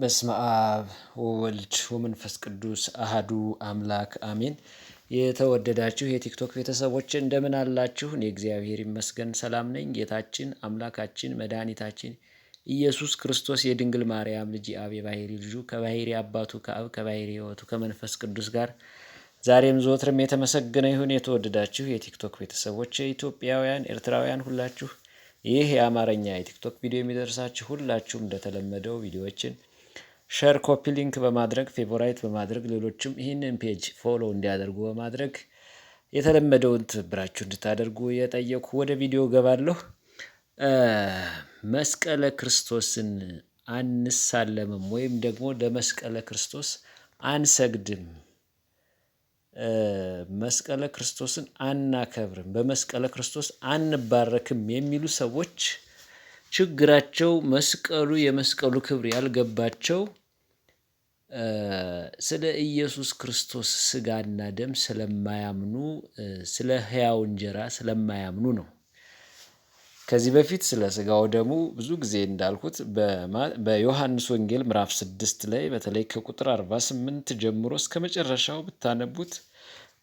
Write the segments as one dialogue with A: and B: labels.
A: በስመ አብ ወወልድ ወመንፈስ ቅዱስ አህዱ አምላክ አሜን። የተወደዳችሁ የቲክቶክ ቤተሰቦች እንደምን አላችሁ? እኔ እግዚአብሔር ይመስገን ሰላም ነኝ። ጌታችን አምላካችን መድኃኒታችን ኢየሱስ ክርስቶስ የድንግል ማርያም ልጅ አብ የባሕሪ ልጁ ከባሕሪ አባቱ ከአብ ከባሕሪ ሕይወቱ ከመንፈስ ቅዱስ ጋር ዛሬም ዘወትርም የተመሰገነ ይሁን። የተወደዳችሁ የቲክቶክ ቤተሰቦች ኢትዮጵያውያን፣ ኤርትራውያን ሁላችሁ ይህ የአማርኛ የቲክቶክ ቪዲዮ የሚደርሳችሁ ሁላችሁም እንደተለመደው ቪዲዮዎችን ሸር ኮፒ ሊንክ በማድረግ ፌቮራይት በማድረግ ሌሎችም ይህንን ፔጅ ፎሎ እንዲያደርጉ በማድረግ የተለመደውን ትብብራችሁ እንድታደርጉ የጠየኩ ወደ ቪዲዮ ገባለሁ። መስቀለ ክርስቶስን አንሳለምም ወይም ደግሞ ለመስቀለ ክርስቶስ አንሰግድም፣ መስቀለ ክርስቶስን አናከብርም፣ በመስቀለ ክርስቶስ አንባረክም የሚሉ ሰዎች ችግራቸው መስቀሉ የመስቀሉ ክብር ያልገባቸው ስለ ኢየሱስ ክርስቶስ ስጋና ደም ስለማያምኑ ስለ ሕያው እንጀራ ስለማያምኑ ነው። ከዚህ በፊት ስለ ስጋው ደሙ ብዙ ጊዜ እንዳልኩት በዮሐንስ ወንጌል ምዕራፍ ስድስት ላይ በተለይ ከቁጥር 48 ጀምሮ እስከ መጨረሻው ብታነቡት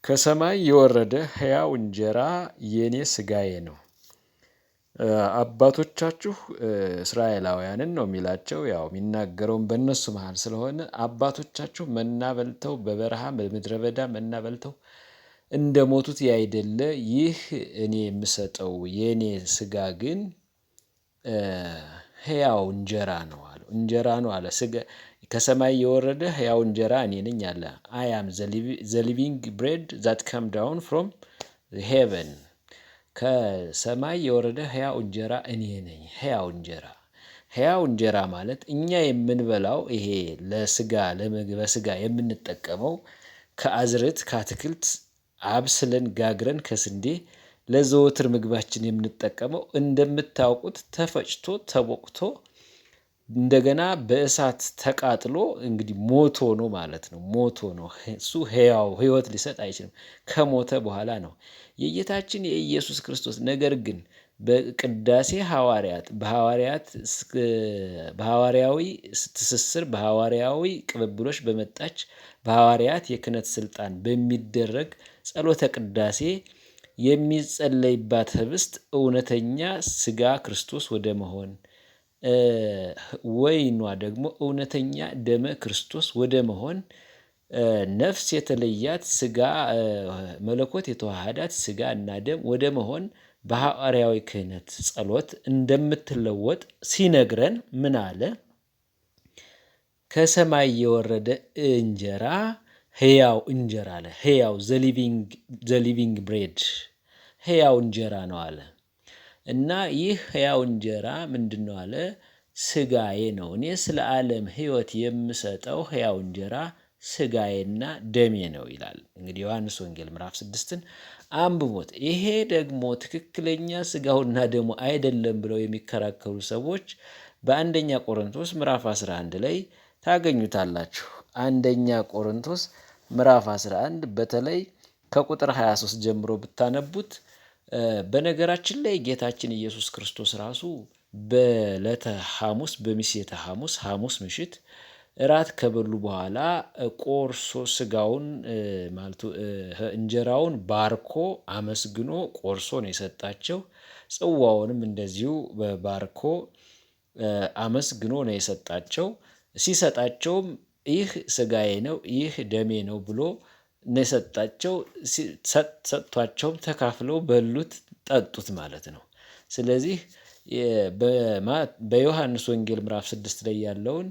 A: ከሰማይ የወረደ ሕያው እንጀራ የእኔ ስጋዬ ነው አባቶቻችሁ እስራኤላውያንን ነው የሚላቸው ያው የሚናገረውን በእነሱ መሀል ስለሆነ አባቶቻችሁ መና በልተው በበረሃ በምድረ በዳ መና በልተው እንደሞቱት ያይደለ ይህ እኔ የምሰጠው የእኔ ስጋ ግን ህያው እንጀራ ነው አለ። እንጀራ ነው አለ። ከሰማይ የወረደ ህያው እንጀራ እኔ ነኝ አለ። አያም አም ዘ ሊቪንግ ብሬድ ዛት ካም ዳውን ፍሮም ሄቨን ከሰማይ የወረደ ሕያው እንጀራ እኔ ነኝ። ሕያው እንጀራ ሕያው እንጀራ ማለት እኛ የምንበላው ይሄ ለስጋ ለምግበ የምንጠቀመው ከአዝርት ከአትክልት አብስለን ጋግረን ከስንዴ ለዘወትር ምግባችን የምንጠቀመው እንደምታውቁት ተፈጭቶ ተቦቅቶ እንደገና በእሳት ተቃጥሎ እንግዲህ ሞቶ ነው ማለት ነው። ሞቶ ነው እሱ ሕያው ሕይወት ሊሰጥ አይችልም። ከሞተ በኋላ ነው የጌታችን የኢየሱስ ክርስቶስ ነገር ግን በቅዳሴ ሐዋርያት በሐዋርያት በሐዋርያዊ ትስስር በሐዋርያዊ ቅብብሎች በመጣች በሐዋርያት የክህነት ስልጣን በሚደረግ ጸሎተ ቅዳሴ የሚጸለይባት ህብስት እውነተኛ ስጋ ክርስቶስ ወደ መሆን ወይኗ ደግሞ እውነተኛ ደመ ክርስቶስ ወደ መሆን ነፍስ የተለያት ስጋ መለኮት የተዋሃዳት ስጋ እና ደም ወደ መሆን በሐዋርያዊ ክህነት ጸሎት እንደምትለወጥ ሲነግረን ምን አለ? ከሰማይ የወረደ እንጀራ ህያው እንጀራ አለ። ህያው ዘሊቪንግ ብሬድ ህያው እንጀራ ነው አለ። እና ይህ ሕያው እንጀራ ምንድን ነው አለ? ስጋዬ ነው። እኔ ስለ ዓለም ሕይወት የምሰጠው ሕያው እንጀራ ስጋዬና ደሜ ነው ይላል። እንግዲህ ዮሐንስ ወንጌል ምዕራፍ ስድስትን አንብቦት። ይሄ ደግሞ ትክክለኛ ስጋውና ደሞ አይደለም ብለው የሚከራከሩ ሰዎች በአንደኛ ቆሮንቶስ ምዕራፍ 11 ላይ ታገኙታላችሁ። አንደኛ ቆሮንቶስ ምዕራፍ 11 በተለይ ከቁጥር 23 ጀምሮ ብታነቡት በነገራችን ላይ ጌታችን ኢየሱስ ክርስቶስ ራሱ በዕለተ ሐሙስ በሚሴተ ሐሙስ ሐሙስ ምሽት እራት ከበሉ በኋላ ቆርሶ ስጋውን ማለቱ እንጀራውን ባርኮ አመስግኖ ቆርሶ ነው የሰጣቸው። ጽዋውንም እንደዚሁ ባርኮ አመስግኖ ነው የሰጣቸው። ሲሰጣቸውም ይህ ስጋዬ ነው፣ ይህ ደሜ ነው ብሎ ነው የሰጣቸው። ሰጥቷቸውም ተካፍለው በሉት፣ ጠጡት ማለት ነው። ስለዚህ በዮሐንስ ወንጌል ምዕራፍ ስድስት ላይ ያለውን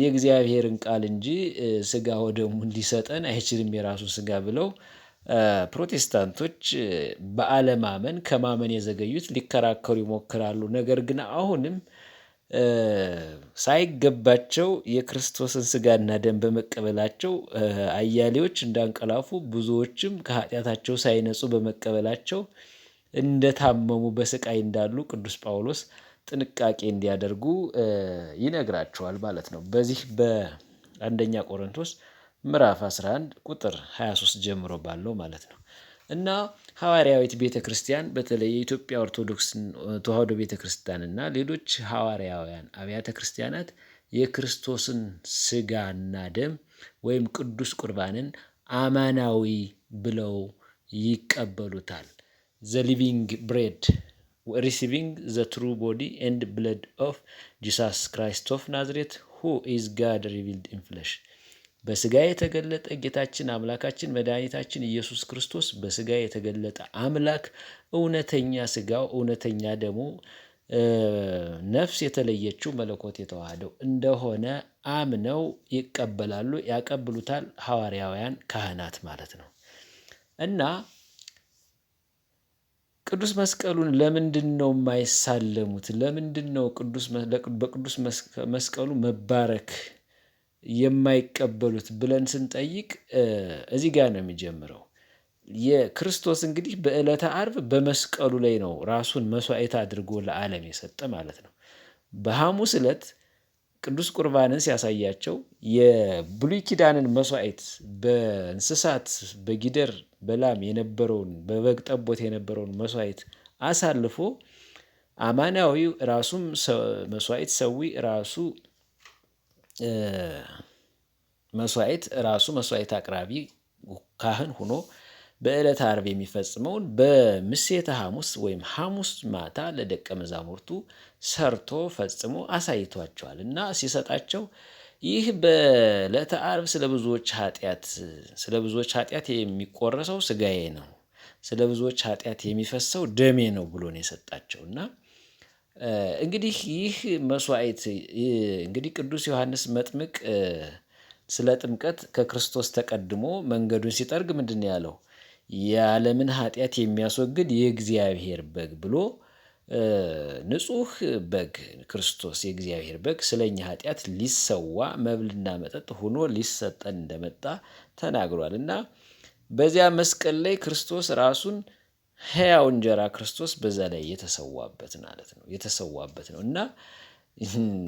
A: የእግዚአብሔርን ቃል እንጂ ስጋ ወደሙን ሊሰጠን አይችልም የራሱ ስጋ ብለው ፕሮቴስታንቶች በአለማመን ከማመን የዘገዩት ሊከራከሩ ይሞክራሉ። ነገር ግን አሁንም ሳይገባቸው የክርስቶስን ስጋና ደም በመቀበላቸው አያሌዎች እንዳንቀላፉ ብዙዎችም ከኃጢአታቸው ሳይነጹ በመቀበላቸው እንደታመሙ በስቃይ እንዳሉ ቅዱስ ጳውሎስ ጥንቃቄ እንዲያደርጉ ይነግራቸዋል ማለት ነው። በዚህ በአንደኛ ቆሮንቶስ ምዕራፍ 11 ቁጥር 23 ጀምሮ ባለው ማለት ነው። እና ሐዋርያዊት ቤተ ክርስቲያን በተለይ የኢትዮጵያ ኦርቶዶክስ ተዋሕዶ ቤተ ክርስቲያን እና ሌሎች ሐዋርያውያን አብያተ ክርስቲያናት የክርስቶስን ስጋና ደም ወይም ቅዱስ ቁርባንን አማናዊ ብለው ይቀበሉታል። ዘ ሊቪንግ ብሬድ ሪሲቪንግ ዘ ትሩ ቦዲ ኤንድ ብለድ ኦፍ ጂሳስ ክራይስት ኦፍ ናዝሬት ሁ ኢዝ ጋድ ሪቪልድ ኢን በስጋ የተገለጠ ጌታችን አምላካችን መድኃኒታችን ኢየሱስ ክርስቶስ በስጋ የተገለጠ አምላክ እውነተኛ ስጋው እውነተኛ ደግሞ ነፍስ የተለየችው መለኮት የተዋህደው እንደሆነ አምነው ይቀበላሉ፣ ያቀብሉታል። ሐዋርያውያን ካህናት ማለት ነው እና ቅዱስ መስቀሉን ለምንድን ነው የማይሳለሙት? ለምንድን ነው በቅዱስ መስቀሉ መባረክ የማይቀበሉት ብለን ስንጠይቅ እዚህ ጋር ነው የሚጀምረው። የክርስቶስ እንግዲህ በዕለተ አርብ በመስቀሉ ላይ ነው ራሱን መስዋዕት አድርጎ ለዓለም የሰጠ ማለት ነው። በሐሙስ ዕለት ቅዱስ ቁርባንን ሲያሳያቸው የብሉይ ኪዳንን መስዋዕት በእንስሳት በጊደር በላም የነበረውን በበግ ጠቦት የነበረውን መስዋዕት አሳልፎ አማናዊው ራሱም መስዋዕት ሰዊ ራሱ መስዋዕት ራሱ መስዋዕት አቅራቢ ካህን ሆኖ በዕለተ ዓርብ የሚፈጽመውን በምሴተ ሐሙስ ወይም ሐሙስ ማታ ለደቀ መዛሙርቱ ሰርቶ ፈጽሞ አሳይቷቸዋል እና ሲሰጣቸው ይህ በዕለተ ዓርብ ስለ ብዙዎች ኃጢአት ስለ ብዙዎች ኃጢአት የሚቆረሰው ስጋዬ ነው፣ ስለ ብዙዎች ኃጢአት የሚፈሰው ደሜ ነው ብሎ ነው የሰጣቸው እና እንግዲህ ይህ መስዋዕት እንግዲህ ቅዱስ ዮሐንስ መጥምቅ ስለ ጥምቀት ከክርስቶስ ተቀድሞ መንገዱን ሲጠርግ ምንድን ያለው? የዓለምን ኃጢአት የሚያስወግድ የእግዚአብሔር በግ ብሎ ንጹህ በግ ክርስቶስ የእግዚአብሔር በግ ስለኛ ኃጢአት ሊሰዋ መብልና መጠጥ ሆኖ ሊሰጠን እንደመጣ ተናግሯል እና በዚያ መስቀል ላይ ክርስቶስ ራሱን ሕያው እንጀራ ክርስቶስ በዛ ላይ የተሰዋበት ማለት ነው የተሰዋበት ነው እና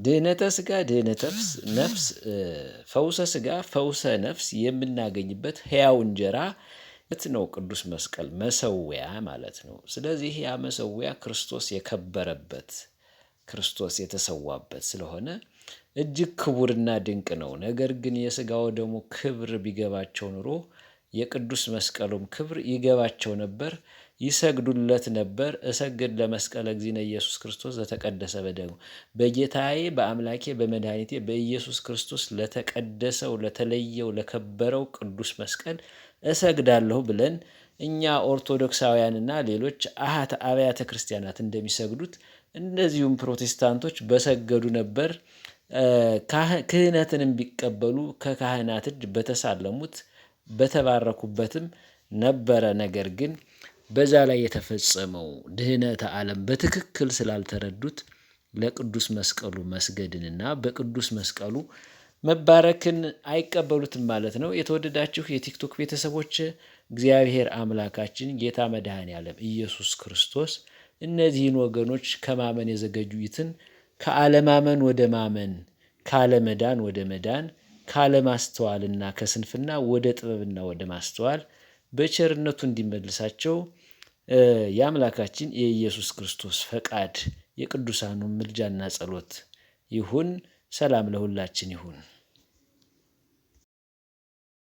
A: ድህነተ ስጋ ድህነተ ነፍስ፣ ፈውሰ ስጋ ፈውሰ ነፍስ የምናገኝበት ሕያው እንጀራ ነው ቅዱስ መስቀል መሰዊያ ማለት ነው። ስለዚህ ያ መሰዊያ ክርስቶስ የከበረበት ክርስቶስ የተሰዋበት ስለሆነ እጅግ ክቡርና ድንቅ ነው። ነገር ግን የስጋው ደግሞ ክብር ቢገባቸው ኑሮ የቅዱስ መስቀሉም ክብር ይገባቸው ነበር። ይሰግዱለት ነበር። እሰግድ ለመስቀለ እግዚእነ ኢየሱስ ክርስቶስ ለተቀደሰ በደሙ በጌታዬ በአምላኬ በመድኃኒቴ በኢየሱስ ክርስቶስ ለተቀደሰው ለተለየው ለከበረው ቅዱስ መስቀል እሰግዳለሁ ብለን እኛ ኦርቶዶክሳውያንና ሌሎች አሃት አብያተ ክርስቲያናት እንደሚሰግዱት እንደዚሁም ፕሮቴስታንቶች በሰገዱ ነበር ክህነትንም ቢቀበሉ ከካህናት እጅ በተሳለሙት በተባረኩበትም ነበረ ነገር ግን በዛ ላይ የተፈጸመው ድህነተ ዓለም በትክክል ስላልተረዱት ለቅዱስ መስቀሉ መስገድንና በቅዱስ መስቀሉ መባረክን አይቀበሉትም ማለት ነው። የተወደዳችሁ የቲክቶክ ቤተሰቦች እግዚአብሔር አምላካችን ጌታ መድኃኔ ዓለም ኢየሱስ ክርስቶስ እነዚህን ወገኖች ከማመን የዘገዩትን ከአለማመን ወደ ማመን፣ ካለመዳን ወደ መዳን፣ ካለማስተዋልና ከስንፍና ወደ ጥበብና ወደ ማስተዋል በቸርነቱ እንዲመልሳቸው የአምላካችን የኢየሱስ ክርስቶስ ፈቃድ የቅዱሳኑ ምልጃና ጸሎት ይሁን። ሰላም ለሁላችን ይሁን።